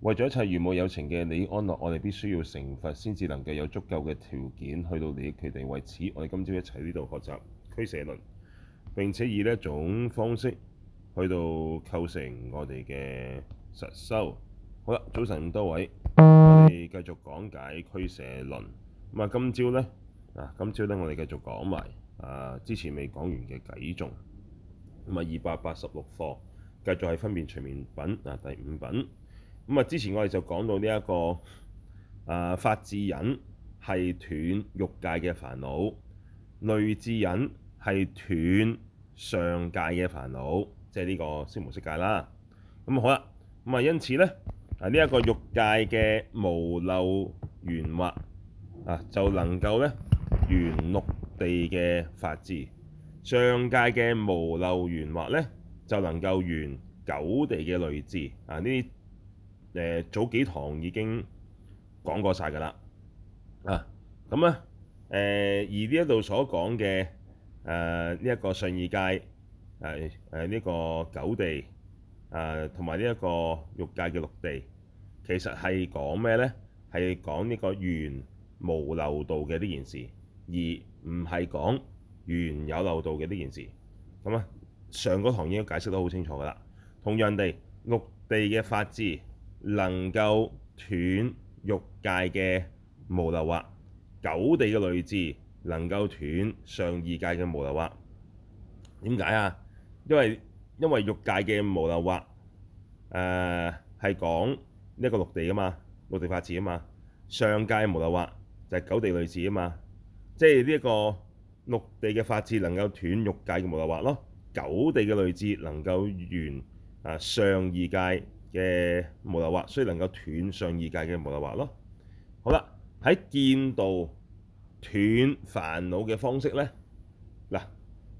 為咗一切如母有情嘅利益安樂，我哋必須要成佛，先至能夠有足夠嘅條件去到利益佢哋。為此，我哋今朝一齊呢度學習俱舍論，並且以呢一種方式去到構成我哋嘅實修。好啦，早晨咁多位，我哋繼續講解俱舍論。咁啊，今朝咧啊，今朝咧我哋繼續講埋啊之前未講完嘅偈頌，咁啊二百八十六課繼續係分別隨眠品啊第五品。咁啊！之前我哋就講到呢、這、一個啊，法智忍係斷欲界嘅煩惱，類智忍係斷上界嘅煩惱，即係呢個色無色界啦。咁、嗯、好啦，咁啊，因此咧啊，呢、這、一個欲界嘅無漏緣惑啊，就能夠咧緣六地嘅法智；上界嘅無漏緣惑咧，就能夠緣九地嘅類智。啊。呢誒早幾堂已經講過晒㗎啦啊！咁咧誒，而呢一度所講嘅誒呢一個上二界誒誒呢個九地啊，同埋呢一個欲界嘅六地，其實係講咩呢？係講呢個緣無漏道嘅呢件事，而唔係講緣有漏道嘅呢件事。咁啊，上嗰堂已經解釋得好清楚㗎啦，同樣地，六地嘅法智，能夠斷欲界嘅無漏惑，九地嘅類智能夠斷上二界嘅無漏惑。點解啊？因為因為欲界嘅無漏惑，誒、呃、係講呢一個六地噶嘛，六地法智啊嘛。上界無漏惑就係九地類智啊嘛，即係呢一個六地嘅法智能夠斷欲界嘅無漏惑咯，九地嘅類智能夠完啊上二界。嘅無漏惑，所以能夠斷上二界嘅無漏惑咯。好啦，喺見道斷煩惱嘅方式咧，嗱，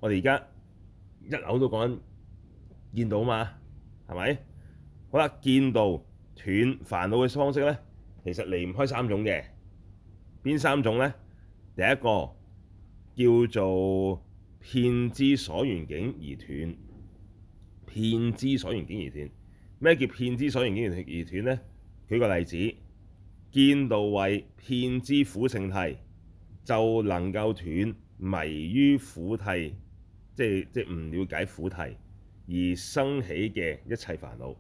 我哋而家一路都講緊見道嘛，係咪？好啦，見道斷煩惱嘅方式咧，其實離唔開三種嘅，邊三種咧？第一個叫做遍知所緣境而斷，遍知所緣境而斷。咩叫遍知所緣境而斷呢？舉個例子，見道位遍知苦聖諦，就能夠斷迷於苦諦，即係即係唔了解苦諦而生起嘅一切煩惱，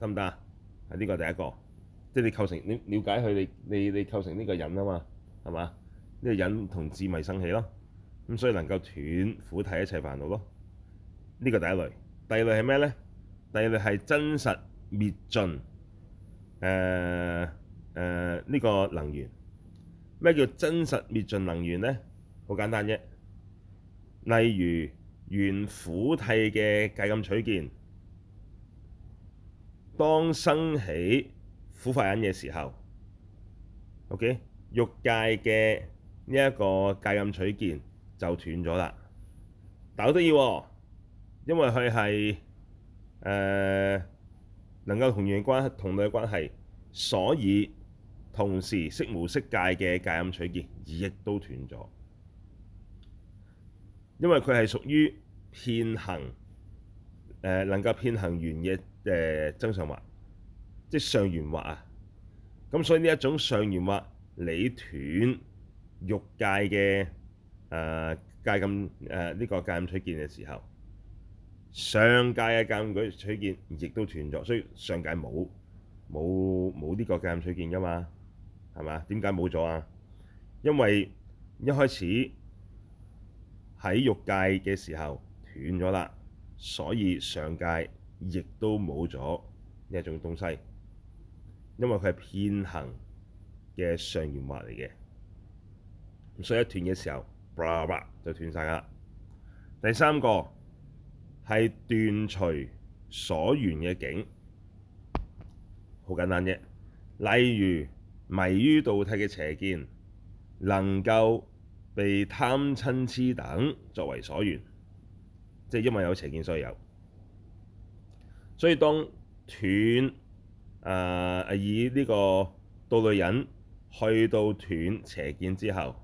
得唔得啊？係呢個第一個，即係你構成你了解佢，你你你構成呢個忍啊嘛，係嘛？呢、這個忍同智咪生起咯，咁所以能夠斷苦諦一切煩惱咯。呢個第一類，第二類係咩呢？第二類係真實滅盡，誒誒呢個能緣。咩叫真實滅盡能緣呢？好簡單啫。例如緣苦諦嘅戒禁取見，當生起苦法忍嘅時候，OK，欲界嘅呢一個戒禁取見就斷咗啦。但好得意喎，因為佢係，誒、呃、能夠同源嘅關係，同類嘅關係，所以同時色無色界嘅戒禁取見亦都斷咗，因為佢係屬於遍行誒、呃、能夠遍行緣嘅誒增上惑，即上緣惑啊，咁所以呢一種上緣惑你斷欲界嘅誒、呃、戒禁誒呢個戒禁、呃、取見嘅時候，上界嘅戒禁取見亦都斷咗，所以上界冇冇冇呢個戒禁取見噶嘛？係嘛？點解冇咗啊？因為一開始喺欲界嘅時候斷咗啦，所以上界亦都冇咗呢一種東西，因為佢係遍行嘅上緣惑嚟嘅，所以一斷嘅時候，布拉布拉就斷晒啦。第三個。係斷除所緣嘅境，好簡單啫。例如迷於道諦嘅邪見，能夠被貪嗔痴等作為所緣，即係因為有邪見所以有。所以當斷誒、呃、以呢、這個道類忍去到斷邪見之後，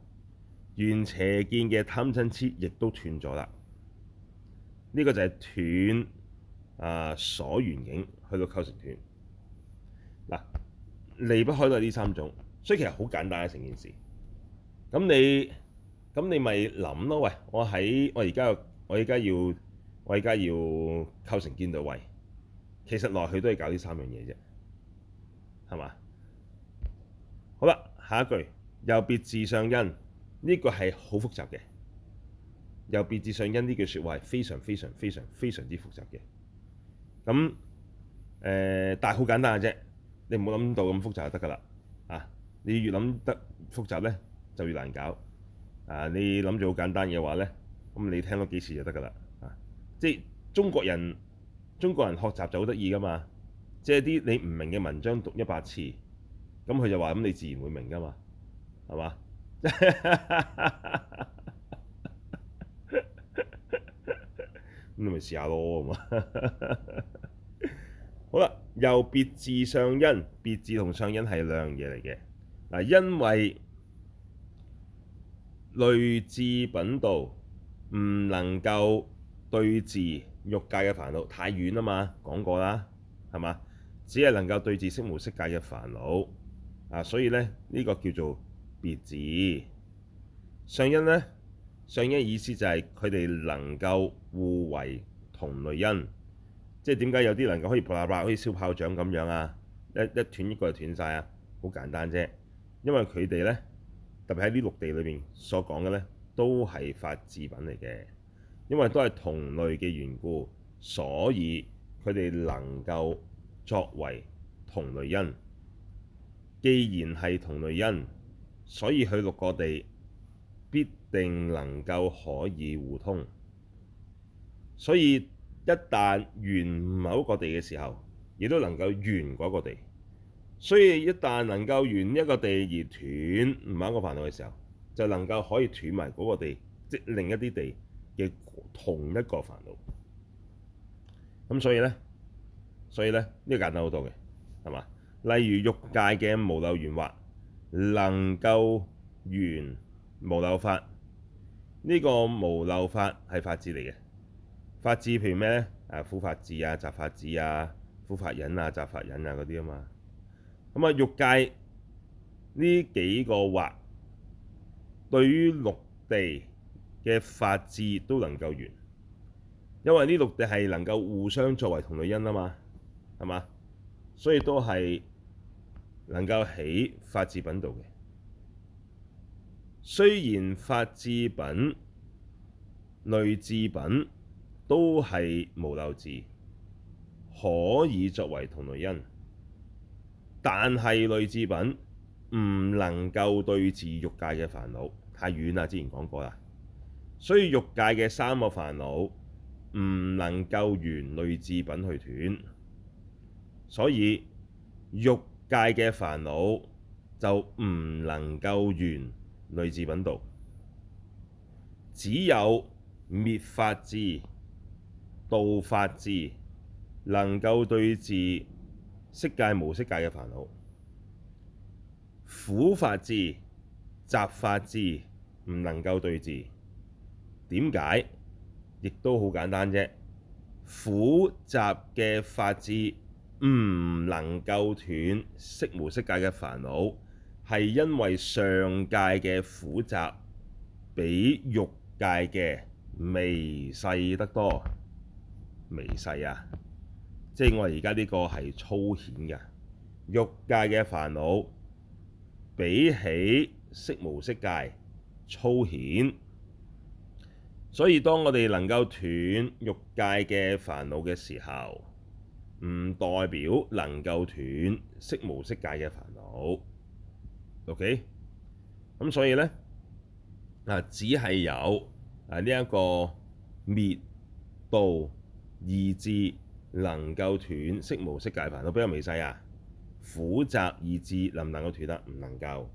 緣邪見嘅貪嗔痴亦都斷咗啦。呢個就係斷啊、呃、所緣境去到構成斷嗱離不開都呢三種，所以其實好簡單嘅成件事。咁你咁你咪諗咯，喂，我喺我而家我而家要我而家要構成見道位。其實落去都係搞呢三樣嘢啫，係嘛？好啦，下一句又別治相因，呢、呢個係好複雜嘅。由別治相因呢句説話係非常非常非常非常之複雜嘅，咁誒，但係好簡單嘅啫，你唔好諗到咁複雜就得㗎啦。啊，你越諗得複雜呢，就越難搞。啊，你諗住好簡單嘅話呢，咁你聽多幾次就得㗎啦。即係中國人，中國人學習就好得意㗎嘛，即係啲你唔明嘅文章讀一百次，咁佢就話咁你自然會明㗎嘛。係嘛？ 咁咪試下咯， 好啦。由別治相因，別治同相因係兩樣嘢嚟嘅。嗱，因為類智品道唔能夠對治欲界嘅煩惱，太遠啦嘛，講過啦，係嘛？只係能夠對治色無色界嘅煩惱啊，所以咧呢個叫做別治相因咧。相因嘅意思就係佢哋能夠互為同類因，即係點解有啲能夠可以卜啪卜好似燒炮仗咁樣啊？一一斷一個就斷晒啊！好簡單啫，因為佢哋呢，特別喺啲六地裏面所講嘅呢，都係法智品嚟嘅，因為都係同類嘅緣故，所以佢哋能夠作為同類因。既然係同類因，所以去六個地，必定能夠可以互通，所以一旦緣某個地嘅時候，亦都能夠緣嗰一個地。所以一旦能夠緣一個地而斷某一個煩惱嘅時候，就能夠可以斷埋嗰個地，即係另一啲地嘅同一個煩惱。咁所以呢，所以呢呢個簡單好多嘅係嘛？例如欲界嘅無漏緣惑，能夠緣。無漏法呢、這個無漏法係法智嚟嘅，法智譬如咩咧？誒、啊，苦法智啊，集法智啊，苦法忍啊，集法忍啊嗰啲啊嘛。咁、嗯、啊，欲界呢幾個惑對於六地嘅法智都能夠緣，因為呢六地係能夠互相作為同類因啊嘛，係嘛？所以都係能夠起法智品道嘅。雖然法智品、類智品都係無漏智，可以作為同類因，但係類智品唔能夠對治欲界嘅煩惱，太遠啦。之前講過啦，所以欲界嘅三個煩惱唔能夠緣類智品去斷，所以欲界嘅煩惱就唔能夠緣類智品道，只有滅法智、道法智能夠對治色界無色界嘅煩惱，苦法智、集法智唔能夠對治。點解？亦都好簡單啫，苦集嘅法智唔能夠斷色無色界嘅煩惱。係因為上界嘅苦集比欲界嘅微細得多，微細啊，即係我而家呢個係粗顯嘅欲界嘅煩惱，比起色無色界粗顯，所以當我哋能夠斷欲界嘅煩惱嘅時候，唔代表能夠斷色無色界嘅煩惱。OK，咁所以咧啊，只係有啊呢一個滅道二智能夠斷色無色界煩惱，比較微細啊？苦集二智能唔能夠斷得、啊？唔能夠。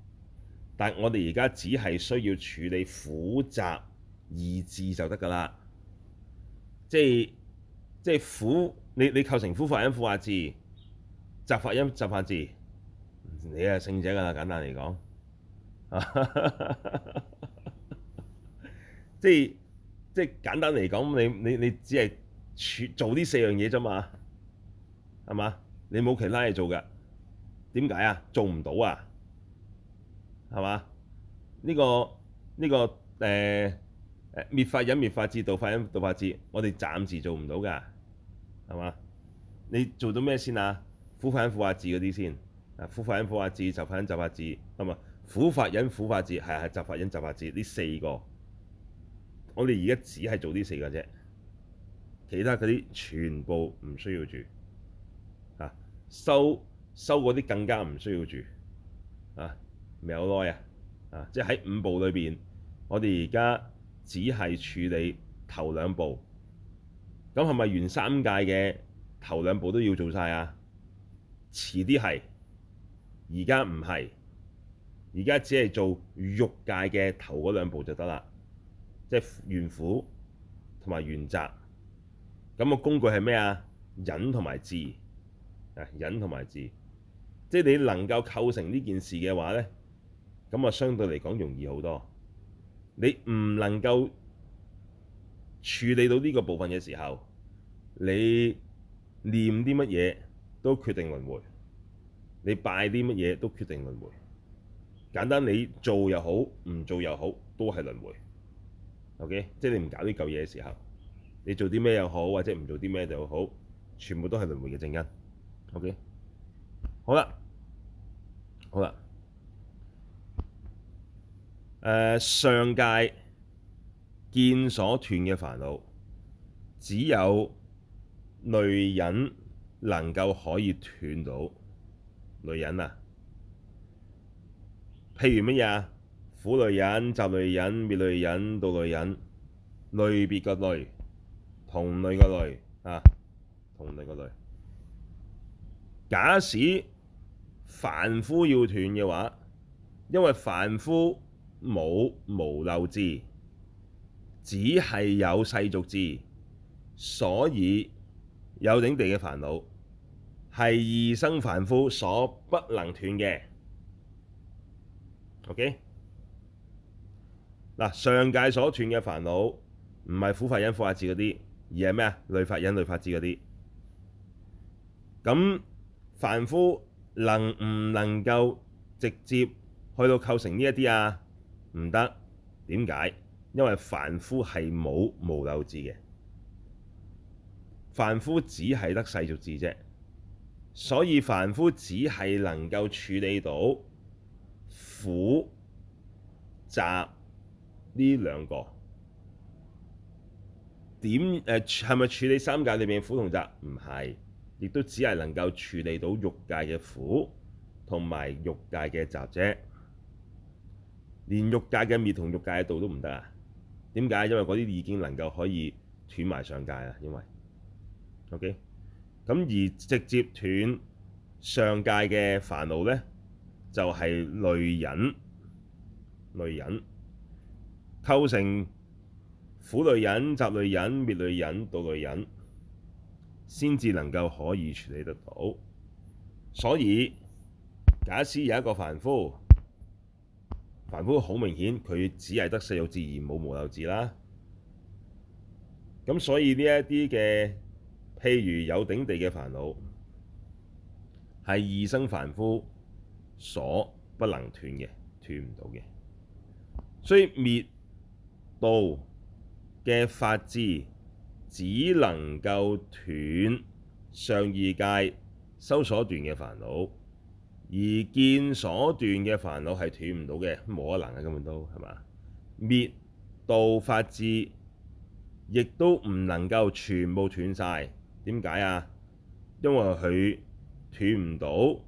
但我哋而家只係需要處理苦集二智就得噶啦。即係即係苦，你你構成苦法忍苦法智，集法忍集法智。你係聖者㗎啦，簡單嚟講， 即係即係簡單嚟講，你你你只係做做呢四樣嘢咋嘛，係嘛？你冇其他嘢做㗎，點解啊？做唔到啊？係嘛？呢個呢個誒誒滅法忍滅法智道法忍道法智，我哋暫時做唔到㗎，係嘛？你做到咩先啊？苦法忍苦法智嗰啲先。啊！苦法忍苦法智，集法忍集法智。咁啊！苦法忍苦法智，係係集法忍集法智。呢四個，我哋而家只係做呢四個啫，其他嗰啲全部唔需要住啊！收收嗰啲更加唔需要住啊！未有耐啊！啊！即係喺五部裏邊，我哋而家只係處理頭兩部，咁係咪完三界嘅頭兩部都要做晒啊？遲啲係。而家唔係，而家只係做欲界嘅頭嗰兩步就得啦，即係緣苦同埋緣集。咁、那個工具係咩啊？忍同埋智，忍同埋智。即係你能夠構成呢件事嘅話呢，咁啊相對嚟講容易好多。你唔能夠處理到呢個部分嘅時候，你念啲乜嘢都決定輪迴。你拜啲乜嘢都決定輪迴。簡單，你做又好，唔做又好，都係輪迴。O.K.，即係你唔搞呢嚿嘢嘅時候，你做啲咩又好，或者唔做啲咩就好，全部都係輪迴嘅正因。O.K.，好啦，好啦，誒、呃、上界見所斷嘅煩惱，只有類忍能夠可以斷到。類忍啊，譬如乜嘢啊？苦類忍、集類忍、滅類忍、道類忍，類別嘅類，同類嘅類啊，同類嘅類。假使凡夫要斷嘅話，因為凡夫冇無漏智，只係有世俗智，所以有頂地嘅煩惱。係異生凡夫所不能斷嘅，OK？嗱，上界所斷嘅煩惱唔係苦法忍、苦法智嗰啲，而係咩啊？類法忍、類法智嗰啲。咁凡夫能唔能夠直接去到構成呢一啲啊？唔得，點解？因為凡夫係冇無漏智嘅，凡夫只係得世俗智啫。所以凡夫只係能夠處理到苦集呢兩個點？誒，係咪處理三界裏面苦同集？唔係，亦都只係能夠處理到欲界嘅苦同埋欲界嘅集啫。連欲界嘅滅同欲界嘅道都唔得啊？點解？因為嗰啲已經能夠可以斷埋上界啊，因為 O.K. 咁而直接斷上界嘅煩惱呢，就係、是、類忍、類忍構成苦類忍、集類忍、滅類忍、道類忍先至能夠可以處理得到。所以假使有一個凡夫，凡夫好明顯佢只係得有漏智而冇無，無漏智啦。咁所以呢一啲嘅。譬如有頂地嘅煩惱，係異生凡夫所不能斷嘅，斷唔到嘅。所以滅道嘅法智只能夠斷上二界修所斷嘅煩惱，而見所斷嘅煩惱係斷唔到嘅，冇可能嘅，根本都係嘛、啊？滅道法智亦都唔能夠全部斷晒。點解啊？因為佢斷唔到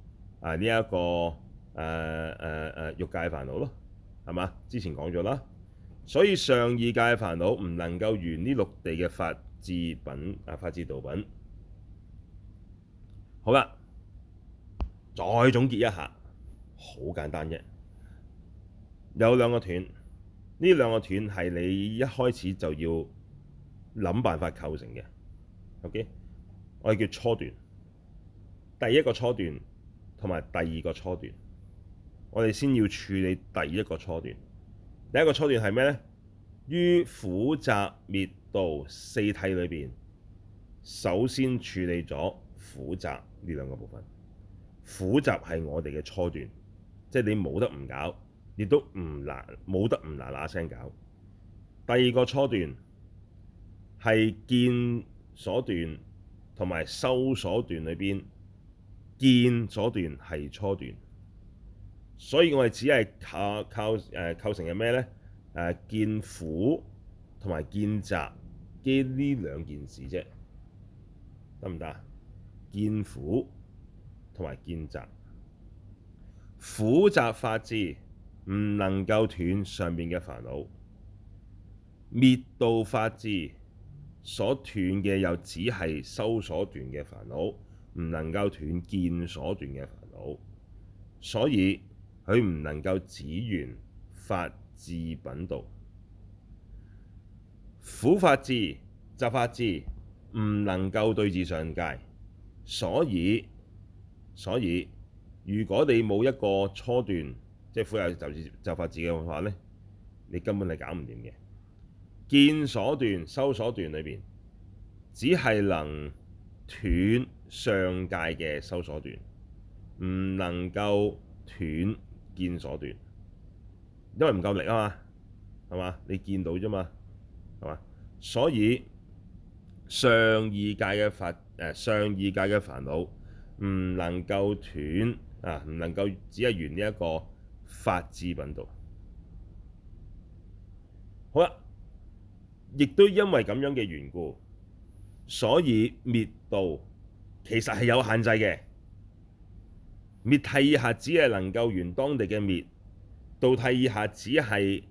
啊，呢一個誒誒誒欲界煩惱咯，係嘛？之前講咗啦，所以上二界嘅煩惱唔能夠緣呢六地嘅法智品啊，法智道品。好啦，再總結一下，好簡單啫，有兩個斷，呢兩個斷係你一開始就要諗辦法構成嘅，OK。我哋叫初斷，第一個初斷同埋第二個初斷，我哋先要處理第一個初斷。第一個初斷係咩呢？於苦集滅道四諦裏邊，首先處理咗苦集呢兩個部分。苦集係我哋嘅初斷，即係你冇得唔搞，亦都唔難冇得唔嗱嗱聲搞。第二個初斷係見所斷，同埋修所斷裏邊見所斷係初斷，所以我哋只係靠靠構成係咩咧？誒見苦同埋見集啲呢兩件事啫，得唔得啊？見苦同埋見集，苦集法智唔能夠斷上面嘅煩惱，滅道法智，所斷嘅又只係修所斷嘅煩惱，唔能夠斷見所斷嘅煩惱，所以佢唔能夠只緣法智品道。苦法智、集法智，唔能夠對治上界，所以所以如果你冇一個初斷，即、就是、苦有就治集法智嘅話呢，你根本係搞唔掂嘅。見所斷、修所斷裏邊，只係能斷上界嘅修所斷，唔能夠斷見所斷，因為唔夠力啊嘛，係嘛？你見到啫嘛，係嘛？所以上二界嘅煩誒上二界嘅煩惱，唔能夠斷啊，唔能夠只係緣呢一個法智品道。好啦。亦都因為咁樣嘅緣故，所以滅道其實係有限制嘅。滅諦以下只係能夠緣當地嘅滅。道諦以下只係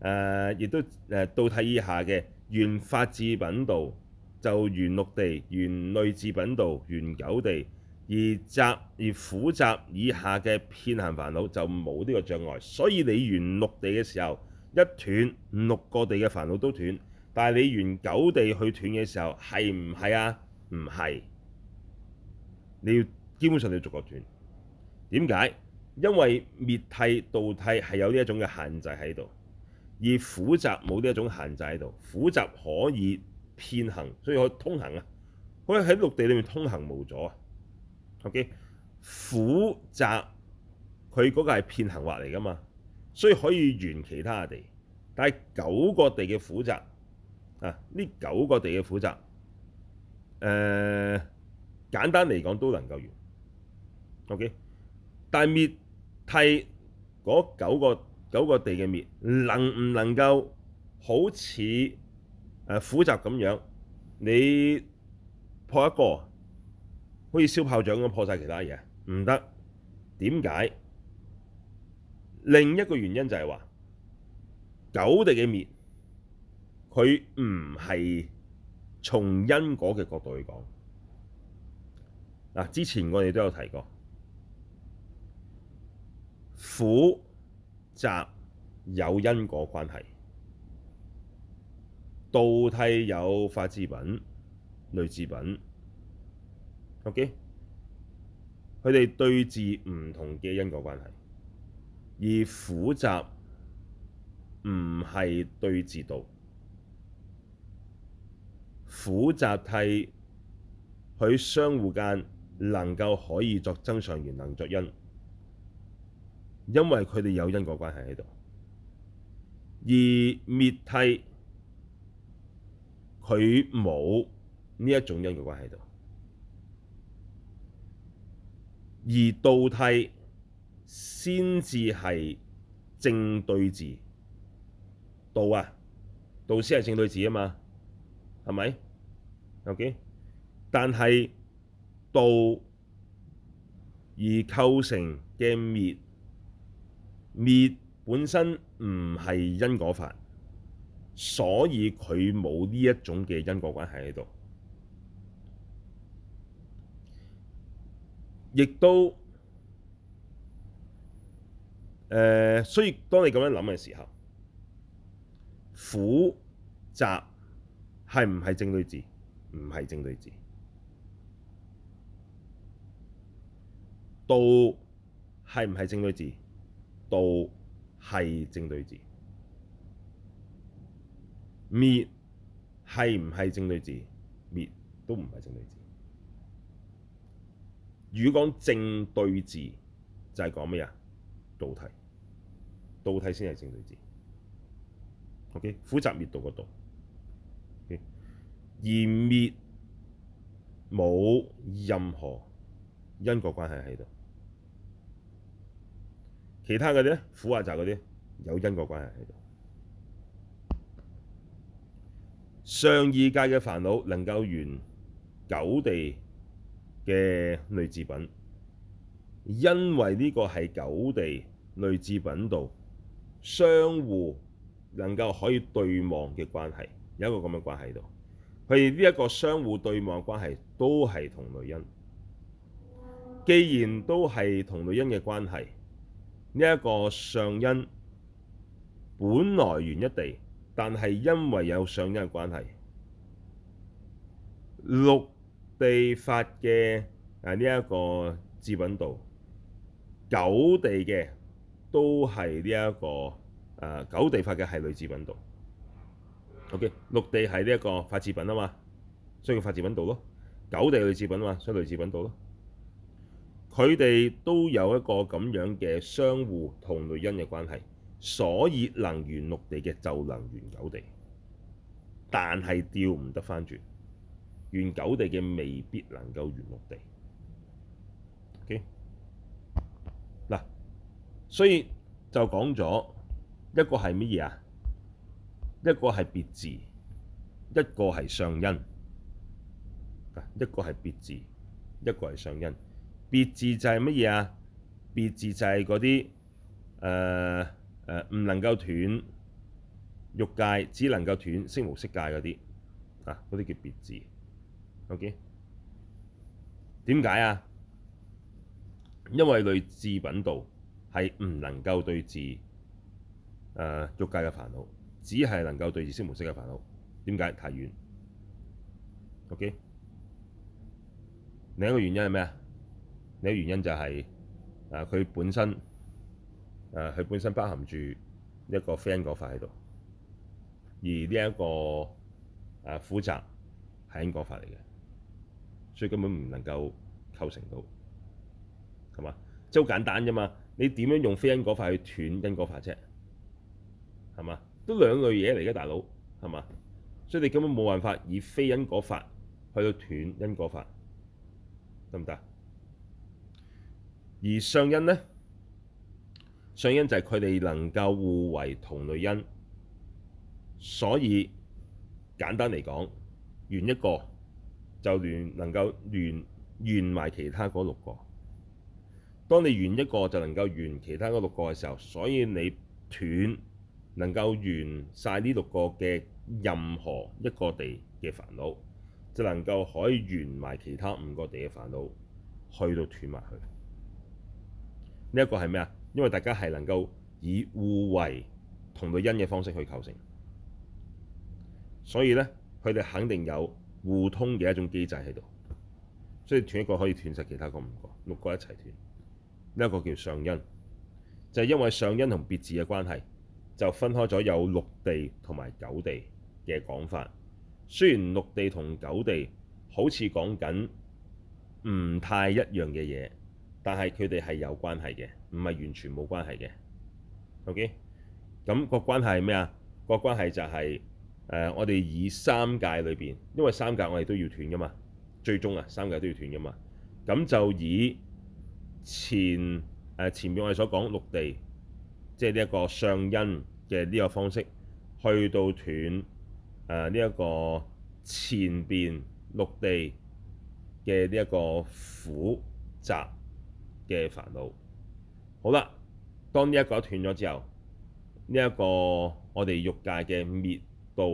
誒，亦、呃、都誒、呃、道諦以下嘅緣法智品道就緣六地，緣類智品道，緣九地，而集而苦集以下嘅遍行煩惱就冇呢個障礙。所以你緣六地嘅時候，一斷六個地嘅煩惱都斷。但係你緣九地去斷嘅時候係唔係啊？唔係，你要基本上你要逐個斷。點解？因為滅諦道諦係有呢一種嘅限制喺度，而苦集冇呢一種限制喺度。苦集可以遍行，所以可以通行啊，可以喺六地裏面通行無阻啊。OK，苦集佢嗰個係遍行惑嚟㗎嘛，所以可以緣其他地，但係九個地嘅苦集。啊！呢九個地嘅苦集，誒、呃、簡單嚟講都能夠緣，OK。但係滅諦嗰九個九個地嘅滅，能唔能夠好似誒苦集咁樣？你破一個，好似燒炮仗咁破晒其他嘢，唔得。點解？另一個原因就係話九地嘅滅。佢唔係從因果嘅角度去講。嗱，之前我哋都有提過，苦集有因果關係，道諦有法智品、類智品。OK，佢哋對治唔同嘅因果關係，而苦集唔係對治道。苦集諦佢相互間能夠可以作增上緣，能作因，因為佢哋有因果關係喺度。而滅諦佢冇呢一種因果關係喺度。而道諦先至係正對治，道啊，道先係正對治啊嘛。係咪？OK，但係道而構成嘅滅滅本身唔係因果法，所以佢冇呢一種嘅因果關係喺度，亦都誒、呃。所以當你咁樣諗嘅時候，苦集。係唔係正對治？唔係正對治。道係唔係正對治？道係正對治。滅係唔係正對治？滅都唔係正對治。如果講正對治，就係講咩啊？道諦，道諦先係正對治。O.K. 苦集滅道個道。而滅冇任何因果關係喺度，其他嗰啲咧，苦阿扎嗰啲有因果關係喺度。上二界嘅煩惱能夠緣九地嘅類智品，因為呢個係九地類智品道相互能夠可以對望嘅關係，有一個咁嘅關係喺度。佢哋呢一個相互對望關係都係同類因，既然都係同類因嘅關係，呢、這、一個相因本來緣一地，但係因為有相因嘅關係，六地法嘅啊呢一個智品道，九地嘅都係呢一個啊九、呃、地法嘅係類智品道。O.K. 六地係呢一個法智品啊嘛，所以叫法智品道咯；九地類智品啊嘛，所以類智品道咯。佢哋都有一個咁樣嘅相互同類因嘅關係，所以能緣六地嘅就能緣九地，但係調唔得翻轉，緣九地嘅未必能夠緣六地。O.K. 嗱，所以就講咗一個係乜嘢啊？一個係別治，一個係相因。一個係別治，一個係相因。別治就係乜嘢啊？別治就係嗰啲誒誒唔能夠斷欲界，只能夠斷色無色界嗰啲啊，嗰啲叫別治。OK？點解啊？因為類智品道係唔能夠對治誒欲界嘅煩惱。只係能夠對治消磨式嘅煩惱，點解？太遠。OK，另一個原因係咩啊？另一個原因就係、是、啊，佢、呃、本身啊，佢、呃、本身包含住一個非因果法喺度，而呢、這、一個啊、呃、苦集係因果法嚟嘅，所以根本唔能夠構成到係嘛？即係好簡單啫嘛。你點樣用非因果法去斷因果法啫？係嘛？都兩類嘢嚟嘅，大佬係嘛？所以你根本冇辦法以非因果法去到斷因果法，得唔得？而相因呢？相因就係佢哋能夠互為同類因，所以簡單嚟講，緣一個就連能夠緣緣埋其他嗰六個。當你緣一個就能夠緣其他嗰六個嘅時候，所以你斷。能夠緣晒呢六個嘅任何一個地嘅煩惱，就能夠可以緣埋其他五個地嘅煩惱，去到斷埋去。呢一個係咩啊？因為大家係能夠以互為同類因嘅方式去構成，所以咧佢哋肯定有互通嘅一種機制喺度，所以斷一個可以斷實其他個五個六個一齊斷。呢一個叫相因，就係、是、因為相因同別治嘅關係。就分開咗有六地同埋九地嘅講法。雖然六地同九地好似講緊唔太一樣嘅嘢，但係佢哋係有關係嘅，唔係完全冇關係嘅。OK，咁個關係係咩啊？個關係就係、是、誒、呃，我哋以三界裏邊，因為三界我哋都要斷噶嘛，最終啊，三界都要斷噶嘛。咁就以前誒、呃、前面我哋所講六地。即係呢一個上因嘅呢個方式，去到斷誒呢一個前邊六地嘅呢一個苦集嘅煩惱。好啦，當呢一個斷咗之後，呢、這、一個我哋欲界嘅滅道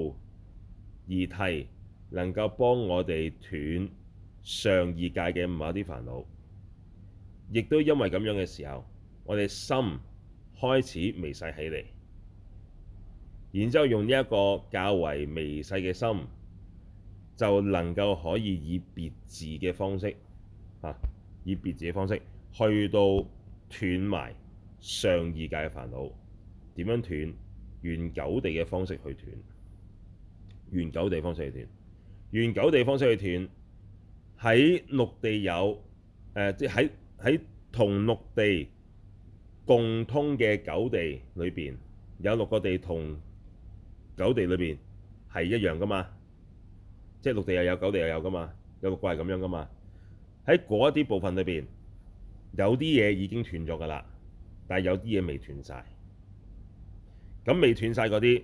二智，能夠幫我哋斷上二界嘅某一啲煩惱。亦都因為咁樣嘅時候，我哋心開始微細起嚟，然之後用呢一個較為微細嘅心，就能夠可以以別治嘅方式，嚇、啊、以別治嘅方式去到斷埋上二界嘅煩惱。點樣斷？緣九地嘅方式去斷，緣九地方式去斷，緣九地方式去斷。喺六地有，誒即喺喺同六地。共通嘅九地裏邊有六個地同九地裏邊係一樣㗎嘛，即係六地又有九地又有㗎嘛，有六個季係咁樣㗎嘛。喺嗰一啲部分裏邊，有啲嘢已經斷咗㗎喇，但係有啲嘢未斷晒。咁未斷晒嗰啲，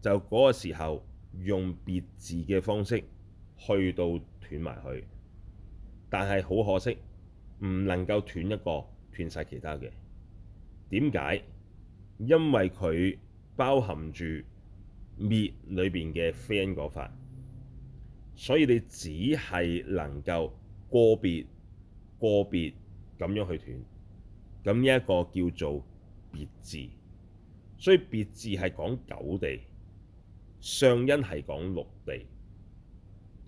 就嗰個時候用別治嘅方式去到斷埋去。但係好可惜，唔能夠斷一個斷晒其他嘅。點解？因為佢包含住滅裏邊嘅非因果嗰法，所以你只係能夠個別個別咁樣去斷。咁呢一個叫做別治，所以別治係講九地，相因係講六地。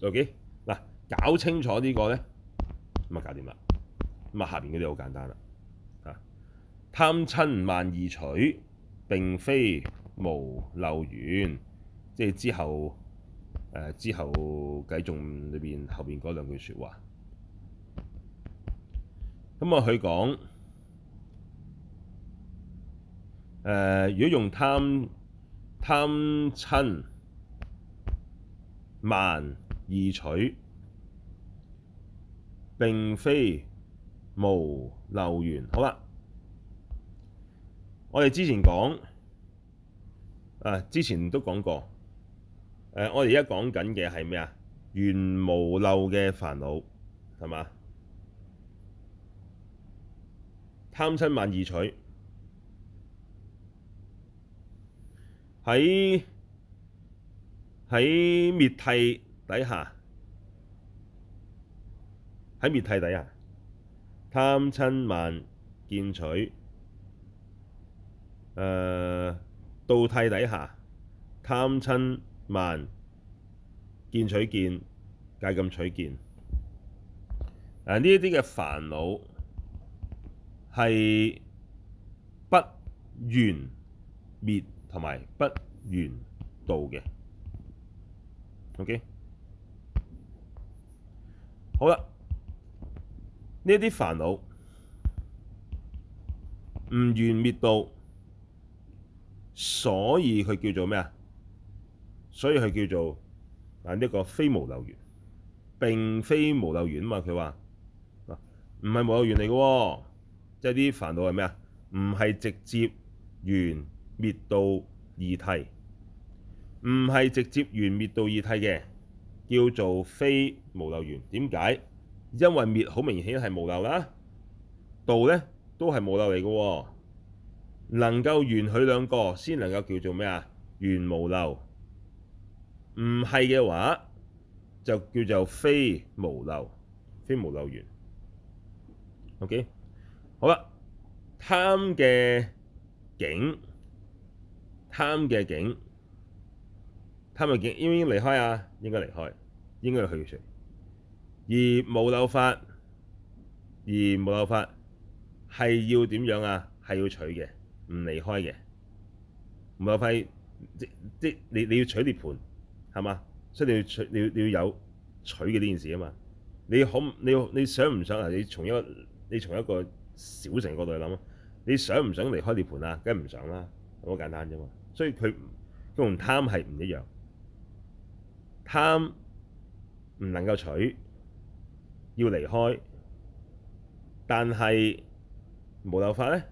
OK，嗱，搞清楚呢個咧，咁啊搞掂啦。咁啊，下邊嗰啲好簡單啦。貪瞋慢二取，並非無漏緣。即係之後誒、呃，之後繼續裏邊後邊嗰兩句説話。咁、嗯、啊，佢講誒、呃，如果用貪貪瞋慢二取，並非無漏緣。好啦。我哋之前講，啊，之前都講過，誒，我哋而家講緊嘅係咩啊？緣無漏嘅煩惱係嘛？貪瞋慢二取喺喺滅諦底下，喺滅諦底下，貪瞋慢見取。誒、呃，道諦底下貪瞋慢，見取見戒禁取見。誒、呃，呢一啲嘅煩惱係不緣滅同埋不緣道嘅。OK，好啦，呢一啲煩惱唔緣滅道。所以佢叫做咩啊？所以佢叫做啊呢個非無漏緣。並非無漏緣啊嘛。佢話唔係無漏緣嚟嘅，即係啲煩惱係咩啊？唔係直接緣滅道二諦，唔係直接緣滅道二諦嘅，叫做非無漏緣。點解？因為滅好明顯係無漏啦，道咧都係無漏嚟嘅。能夠緣佢兩個，先能夠叫做咩啊？緣無漏，唔係嘅話就叫做非無漏，非無漏緣。OK，好啦，貪嘅境，貪嘅境，貪嘅境應唔應離開啊？應該離開，應該去除。而無漏法，而無漏法係要點樣啊？係要取嘅。唔離開嘅，無漏法，即即你你要取涅槃係嘛？所以你要取，你要你要有取嘅呢件事啊嘛！你可你要你想唔想啊？你從一個你從一個小乘角度嚟諗，你想唔想離開涅槃啊？梗係唔想啦，好簡單啫嘛！所以佢佢同貪係唔一樣，貪唔能夠取，要離開，但係無漏法咧。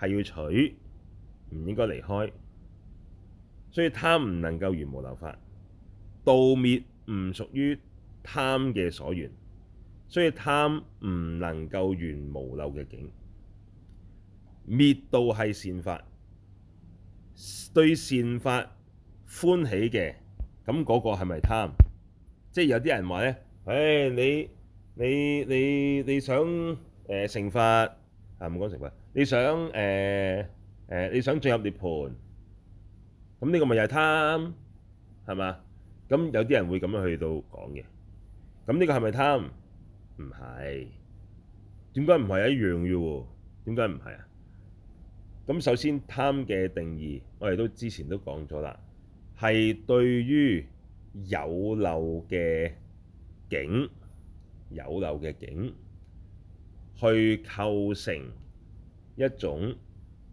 係要取，唔應該離開，所以貪唔能夠緣無漏法，道滅唔屬於貪嘅所緣，所以貪唔能夠緣無漏嘅境，滅道係善法，對善法歡喜嘅，咁嗰個係咪貪？即係有啲人話咧，誒、欸、你你你你想誒、呃、成法，啊，唔講成法。你想誒誒你想進入涅盤，咁呢個咪又係貪係嘛？咁有啲人會咁樣去到講嘅，咁呢個係咪貪？唔係，點解唔係一樣嘅喎？點解唔係啊？咁首先貪嘅定義，我哋都之前都講咗啦，係對於有漏嘅境，有漏嘅境去構成。一種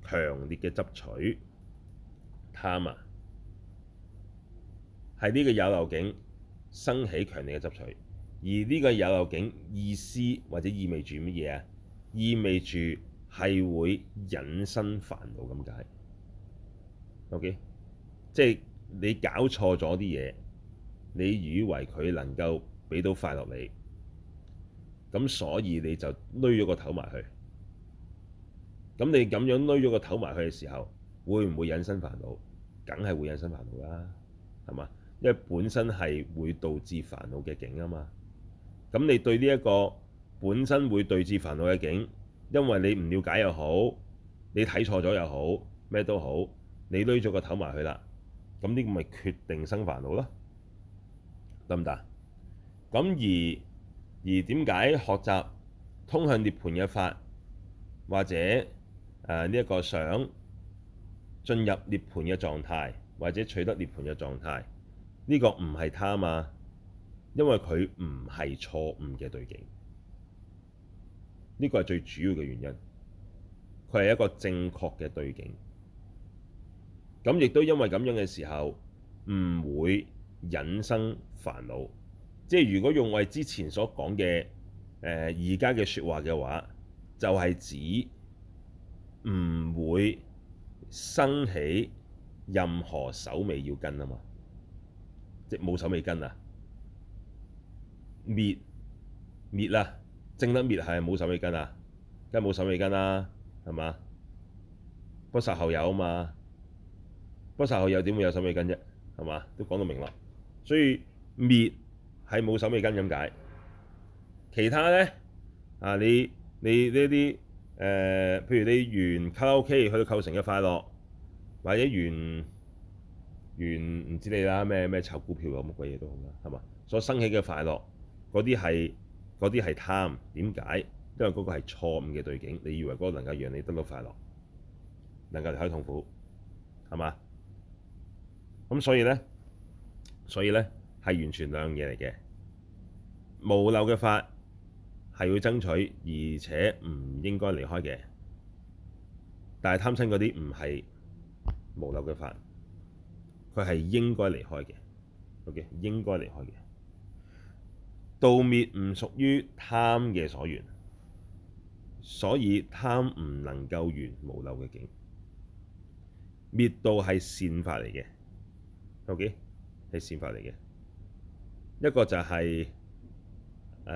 強烈嘅執取貪啊，係呢個有漏境生起強烈嘅執取，而呢個有漏境意思或者意味住乜嘢啊？意味住係會引生煩惱咁解。OK，即係你搞錯咗啲嘢，你以為佢能夠畀到快樂你，咁所以你就攣咗個頭埋去。咁你咁樣攣咗個頭埋去嘅時候，會唔會引生煩惱？梗係會引生煩惱啦，係嘛？因為本身係會導致煩惱嘅境啊嘛。咁你對呢一個本身會導致煩惱嘅境，因為你唔了解又好，你睇錯咗又好，咩都好，你攣咗個頭埋去啦。咁呢個咪決定生煩惱咯，得唔得？咁而而點解學習通向涅槃嘅法或者？誒呢一個想進入涅盤嘅狀態，或者取得涅盤嘅狀態，呢個唔係貪嘛，因為佢唔係錯誤嘅對境，呢個係最主要嘅原因。佢係一個正確嘅對境。咁亦都因為咁樣嘅時候，唔會引生煩惱。即係如果用我之前所講嘅而家嘅説話嘅話，就係指。唔會生起任何手尾要跟啊嘛，即冇手尾跟啊，滅滅啦，證得滅係冇手尾跟啊，梗係冇手尾跟啦、啊，係嘛？不殺後有啊嘛，不殺後有點會有手尾跟啫、啊，係嘛？都講到明啦，所以滅係冇手尾跟咁解，其他咧啊，你你呢啲。誒、呃，譬如你完卡拉 OK 去到構成嘅快樂，或者完完唔知你啦，咩咩炒股票有乜鬼嘢都好啦，係嘛？所生起嘅快樂，嗰啲係嗰啲係貪，點解？因為嗰個係錯誤嘅對境。你以為嗰個能夠讓你得到快樂，能夠離開痛苦，係嘛？咁所以咧，所以咧係完全兩樣嘢嚟嘅，無漏嘅法，係會爭取，而且唔應該離開嘅。但係貪親嗰啲唔係無漏嘅法，佢係應該離開嘅。O.K.，應該離開嘅。道滅唔屬於貪嘅所緣，所以貪唔能夠緣無漏嘅境。滅道係善法嚟嘅，O.K. 係善法嚟嘅。一個就係、是。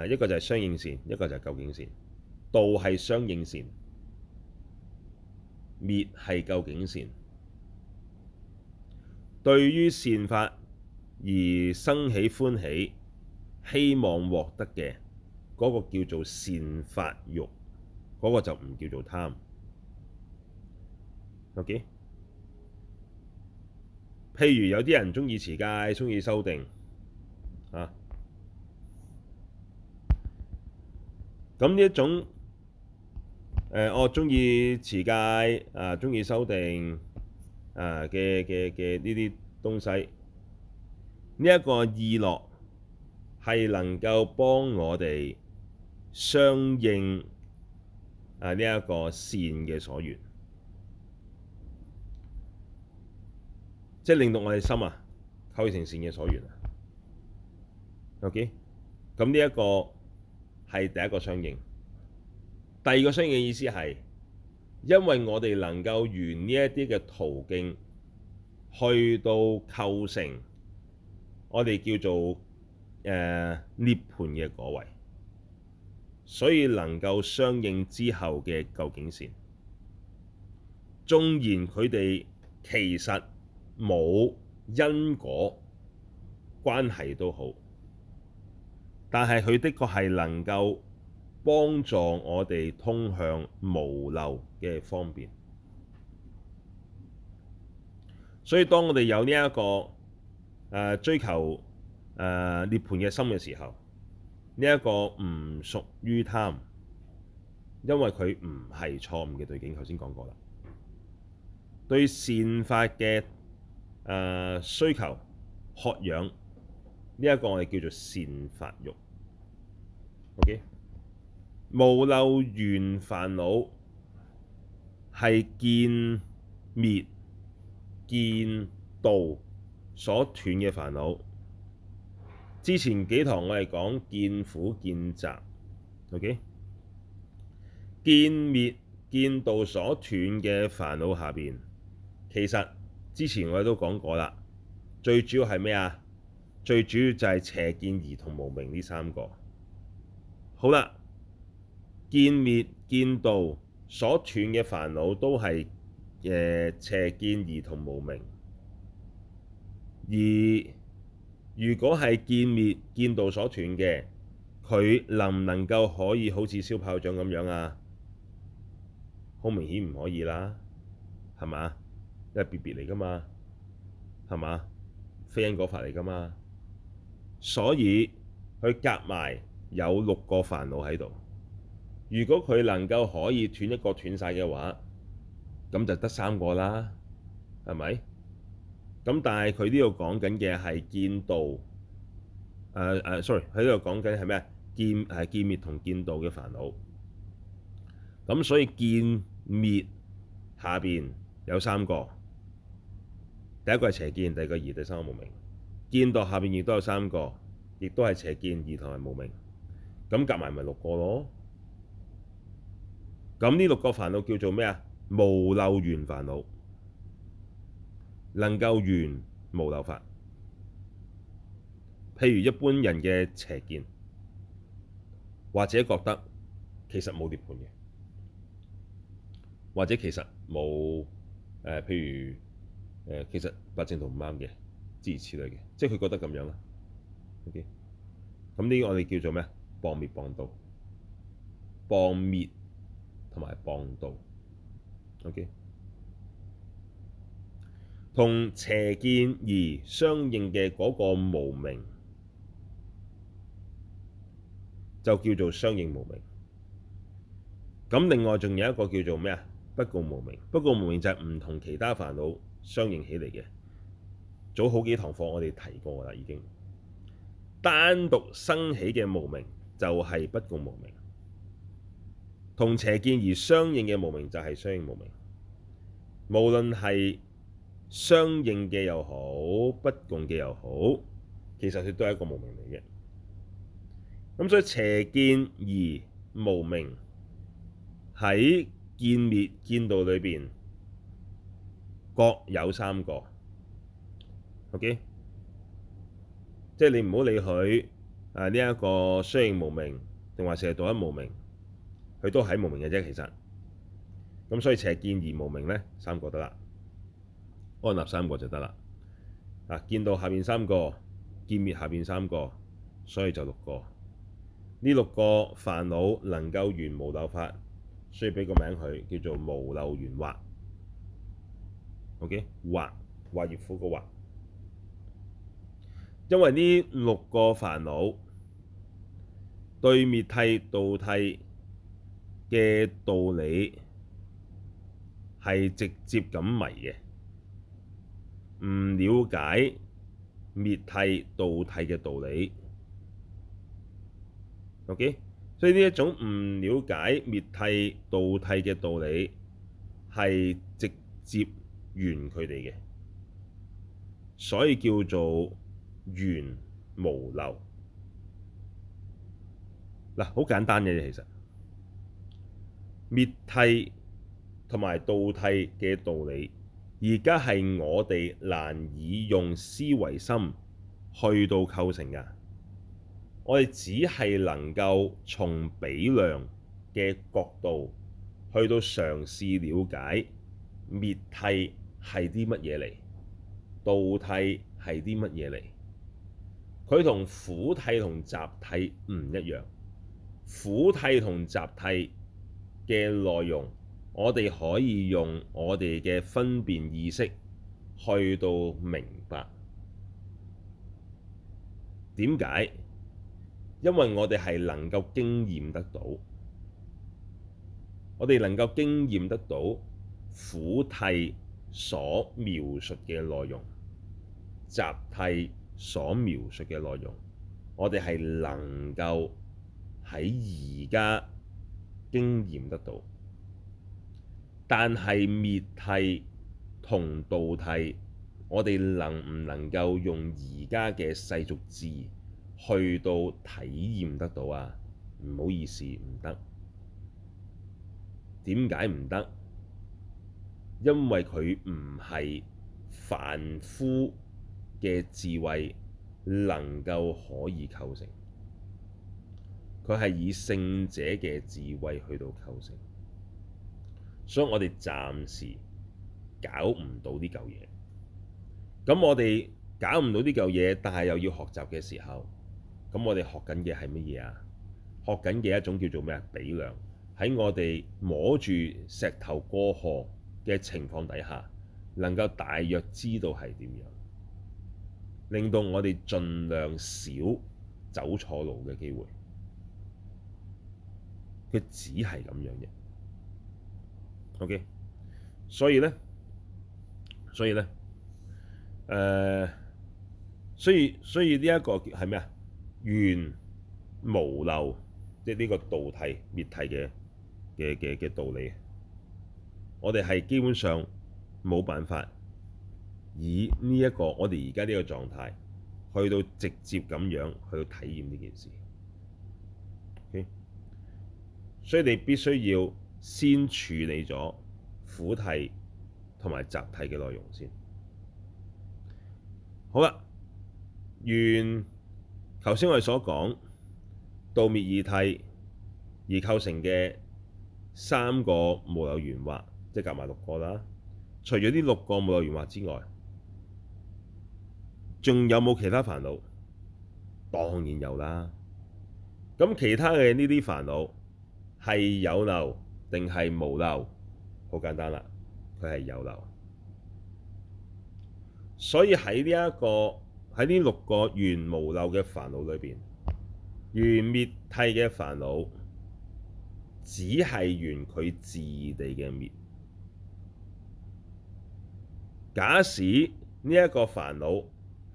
一個就係相應善，一個就係究竟善。道係相應善，滅係究竟善。對於善法而生起歡喜、希望獲得嘅嗰、那個叫做善法欲，嗰、那個就唔叫做貪。OK，譬如有啲人鍾意持戒，鍾意修定，啊。咁呢一種誒，我鍾意持戒啊，鍾意修定啊嘅嘅嘅呢啲東西，呢一個意樂係能夠幫我哋相應啊呢一個善嘅所願，即係令到我哋心啊構成善嘅所願啊。OK，咁呢一個。係第一個相應，第二個相應嘅意思係，因為我哋能夠沿呢一啲嘅途徑去到構成我哋叫做誒、呃、涅盤嘅果位，所以能夠相應之後嘅究竟線，縱然佢哋其實冇因果關係都好。但係佢的確係能夠幫助我哋通向無漏嘅方便，所以當我哋有呢、這、一個誒、呃、追求誒涅、呃、槃嘅心嘅時候，呢、這、一個唔屬於貪，因為佢唔係錯誤嘅對境，頭先講過啦。對善法嘅誒、呃、需求，渴養。呢一個我哋叫做善法欲，OK？無漏緣煩惱係見滅見道所斷嘅煩惱。之前幾堂我哋講見苦見集，OK？見滅見道所斷嘅煩惱下邊，其實之前我哋都講過啦，最主要係咩啊？最主要就係邪見、疑同無明呢三個。好啦，見滅、見道、呃、見、見、滅見道所斷嘅煩惱都係誒邪見、疑同無明。而如果係見滅見道所斷嘅，佢能唔能夠可以好似燒炮仗咁樣啊？好明顯唔可以啦，係嘛？因為別別嚟噶嘛，係嘛？非因果法嚟噶嘛？所以佢夾埋有六個煩惱喺度。如果佢能夠可以斷一個斷晒嘅話，咁就得三個啦，係咪？咁但係佢呢度講緊嘅係見道。誒、啊、誒、啊，sorry，喺呢度講緊係咩啊？見係見滅同見道嘅煩惱。咁所以見滅下邊有三個。第一個係邪見，第二個疑，第三個無明。見道下面亦都有三個，亦都係邪見、疑同埋無明。咁夾埋咪六個咯。咁呢六個煩惱叫做咩啊？無漏緣煩惱，能夠緣無漏法。譬如一般人嘅邪見，或者覺得其實冇涅槃嘅，或者其實冇、呃、譬如、呃、其實八正道唔啱嘅。諸如此類嘅，即係佢覺得咁樣啦。OK，咁呢個我哋叫做咩啊？謗滅、謗道、謗滅同埋謗道。OK，同邪見而相應嘅嗰個無明，就叫做相應無明。咁另外仲有一個叫做咩啊？不共無明。不共無明就係唔同其他煩惱相應起嚟嘅。早好幾堂課，我哋提過啦，已經。單獨生起嘅無明就係不共無明，同邪見疑相應嘅無明就係相應無明。無論係相應嘅又好，不共嘅又好，其實佢都係一個無明嚟嘅。咁所以邪見疑無明，喺見滅見道裏邊各有三個。OK，即係你唔好理佢啊！呢、呃、一、這個相應無明，定話成日惰一無明，佢都係無明嘅啫。其實，咁所以邪見疑無明呢三個得啦，安立三個就得啦。啊，見道下面三個，見滅下面三個，所以就六個。呢六個煩惱能夠緣無漏法，所以俾個名佢，叫做無漏緣惑。OK，惑，惑業苦個惑。因為呢六個煩惱對滅諦道諦嘅道理係直接咁迷嘅，唔了解滅諦道諦嘅道理。OK，所以呢一種唔了解滅諦道諦嘅道理係直接緣佢哋嘅，所以叫做緣無漏嗱，好簡單嘅。其實滅諦同埋道諦嘅道理，而家係我哋難以用思維心去到構成㗎。我哋只係能夠從比量嘅角度去到嘗試了解滅諦係啲乜嘢嚟，道諦係啲乜嘢嚟。佢同苦諦同集諦唔一樣，苦諦同集諦嘅內容，我哋可以用我哋嘅分辨意識去到明白點解？因為我哋係能夠經驗得到，我哋能夠經驗得到苦諦所描述嘅內容，集諦所描述嘅內容，我哋係能夠喺而家經驗得到，但係滅諦同道諦，我哋能唔能夠用而家嘅世俗智去到體驗得到啊？唔好意思，唔得。點解唔得？因為佢唔係凡夫。嘅智慧能夠可以構成，佢係以聖者嘅智慧去到構成，所以我哋暫時搞唔到啲舊嘢。咁我哋搞唔到啲舊嘢，但係又要學習嘅時候，咁我哋學緊嘅係乜嘢啊？學緊嘅一種叫做咩啊？比量。喺我哋摸住石頭過河嘅情況底下，能夠大約知道係點樣。令到我哋儘量少走錯路嘅機會，佢只係咁樣嘅。OK，所以咧，所以咧，誒、呃，所以所以呢一個係咩啊？緣無漏，即係呢個道諦滅諦嘅嘅嘅嘅道理，我哋係基本上冇辦法。以呢、這、一個我哋而家呢個狀態去到直接咁樣去到體驗呢件事、okay? 所以你必須要先處理咗苦諦同埋集諦嘅內容先。好啦，原頭先我哋所講道滅二諦而構成嘅三個無漏緣惑，即係夾埋六個啦。除咗呢六個無漏緣惑之外。仲有冇其他煩惱？當然有啦。咁其他嘅呢啲煩惱係有漏定係冇漏？好簡單啦，佢係有漏。所以喺呢一個喺呢六個緣無漏嘅煩惱裏邊，緣滅諦嘅煩惱只係緣佢自地嘅滅。假使呢一個煩惱，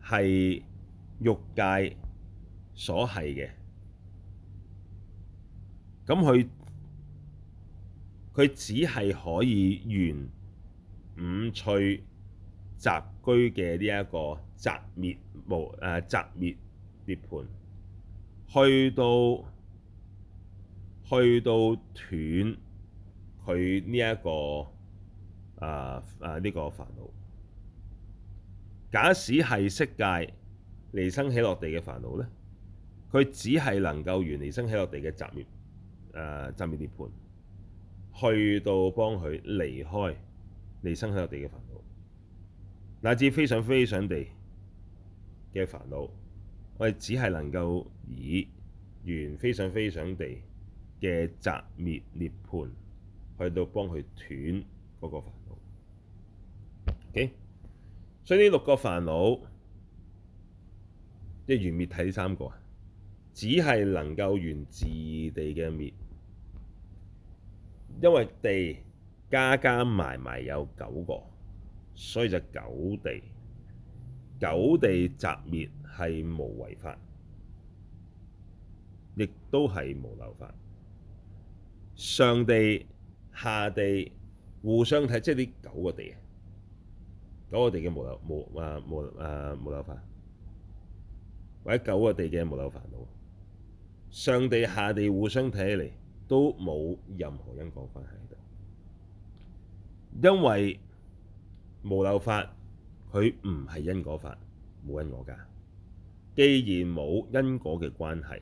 係欲界所係嘅，咁佢佢只係可以緣五趣雜居嘅呢一個擇滅無，誒擇滅涅槃，去到去到斷佢呢一個啊，啊呢個煩惱。假使係色界離生喜樂地嘅煩惱呢，佢只係能夠緣離生喜樂地嘅擇滅誒擇、呃、滅涅槃，去到幫佢離開離生喜樂地嘅煩惱，乃至非常非常地嘅煩惱，我哋只係能夠以緣非常非常地嘅擇滅涅槃去到幫佢斷嗰個煩惱。Okay? 所以呢六個煩惱，即係緣滅諦呢三個啊，只係能夠緣自地嘅滅，因為地加加埋埋有九個，所以就九地，九地擇滅係無為法，亦都係無漏法。上地、下地互相睇，即係呢九個地啊。九個地嘅無漏無啊無啊無漏法，或者九個地嘅無漏法度，上地下地互相睇起嚟都冇任何因果關係，因為無漏法佢唔係因果法，冇因果㗎。既然冇因果嘅關係，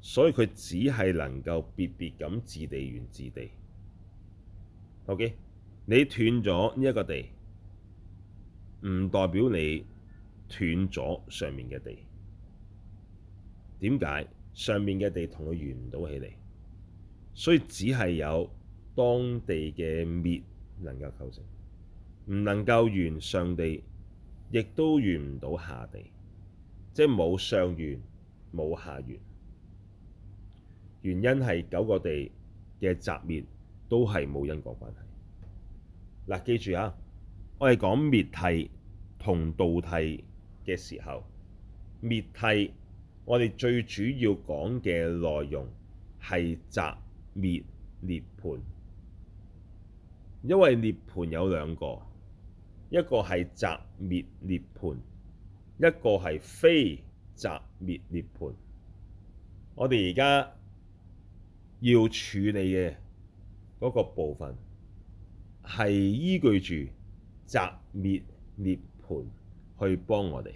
所以佢只係能夠別別咁自地緣自地,地。OK，你斷咗呢一個地。唔代表你斷咗上面嘅地，點解上面嘅地同佢緣唔到起嚟？所以只係有當地嘅滅能夠構成，唔能夠緣上地，亦都緣唔到下地，即係冇上緣冇下緣。原因係九個地嘅擇滅都係冇因果關係。嗱，記住啊！我哋講滅諦同道諦嘅時候，滅諦我哋最主要講嘅內容係擇滅涅槃，因為涅槃有兩個，一個係擇滅涅槃，一個係非擇滅涅槃。我哋而家要處理嘅嗰個部分係依據住。擇滅涅盤去幫我哋，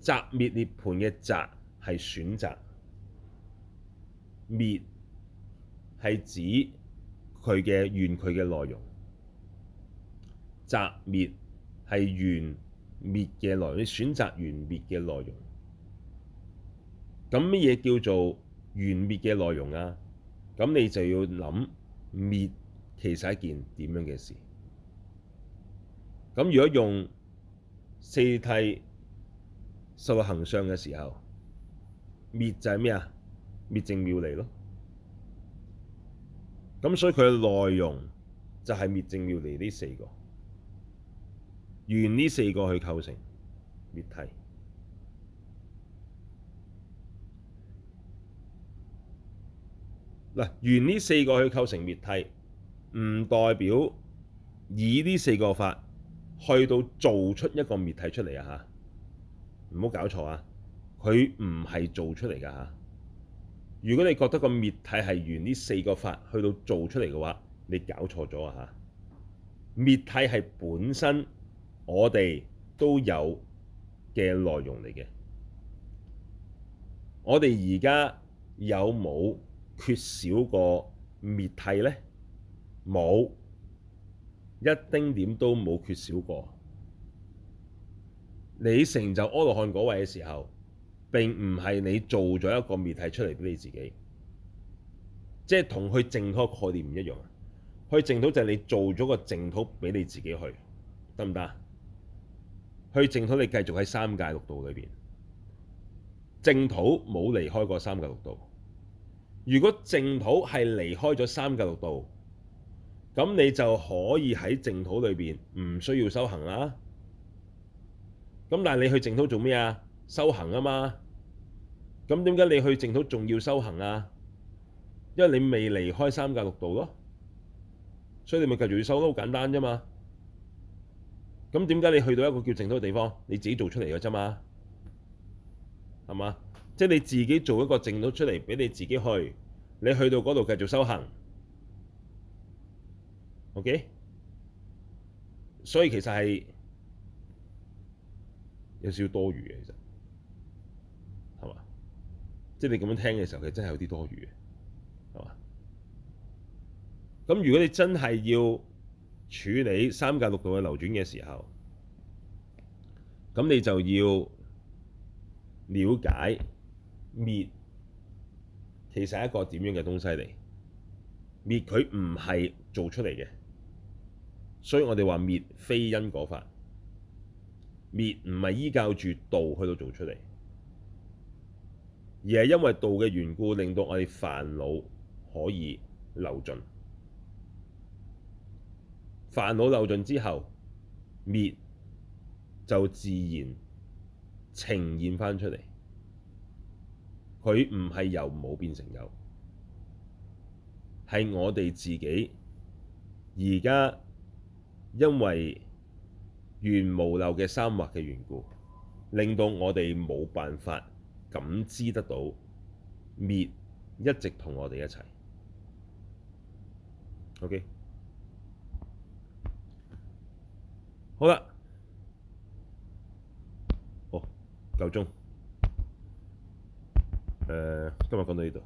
擇滅涅盤嘅擇係選擇，滅係指佢嘅原、佢嘅內容，擇滅係原滅嘅內容，你選擇原滅嘅內容，咁乜嘢叫做原滅嘅內容啊？咁你就要諗滅其實係一件點樣嘅事？咁如果用四諦受行相嘅時候，滅就係咩啊？滅靜妙離咯。咁所以佢嘅內容就係滅靜妙離呢四個，原呢四個去構成滅諦。嗱，完呢四個去構成滅諦，唔代表以呢四個法。去到做出一個滅體出嚟啊！嚇，唔好搞錯啊！佢唔係做出嚟噶嚇。如果你覺得個滅體係沿呢四個法去到做出嚟嘅話，你搞錯咗啊！嚇，滅體係本身我哋都有嘅內容嚟嘅。我哋而家有冇缺少過滅體呢？冇。一丁點都冇缺少過。你成就阿羅漢嗰位嘅時候，並唔係你做咗一個滅體出嚟俾你自己，即係同去淨土概念唔一樣啊。去淨土就係你做咗個淨土俾你自己去，得唔得？去淨土你繼續喺三界六道裏邊，淨土冇離開過三界六道。如果淨土係離開咗三界六道，咁你就可以喺淨土裏邊唔需要修行啦。咁但係你去淨土做咩啊？修行啊嘛。咁點解你去淨土仲要修行啊？因為你未離開三界六道咯。所以你咪繼續要修得好簡單啫嘛。咁點解你去到一個叫淨土嘅地方，你自己做出嚟嘅啫嘛。係嘛？即係你自己做一個淨土出嚟俾你自己去，你去到嗰度繼續修行。OK，所以其實係有少少多餘嘅，其實係嘛？即係你咁樣聽嘅時候，其實真係有啲多餘嘅，係嘛？咁如果你真係要處理三界六道嘅流轉嘅時候，咁你就要了解滅其實係一個點樣嘅東西嚟？滅佢唔係做出嚟嘅。所以我哋話滅非因果法，滅唔係依靠住道去到做出嚟，而係因為道嘅緣故，令到我哋煩惱可以漏盡。煩惱漏盡之後，滅就自然呈現翻出嚟。佢唔係由冇變成有，係我哋自己而家。因為緣無漏嘅三惑嘅緣故，令到我哋冇辦法感知得到滅一直同我哋一齊。OK，好啦，好夠鐘。誒，今日講到呢度。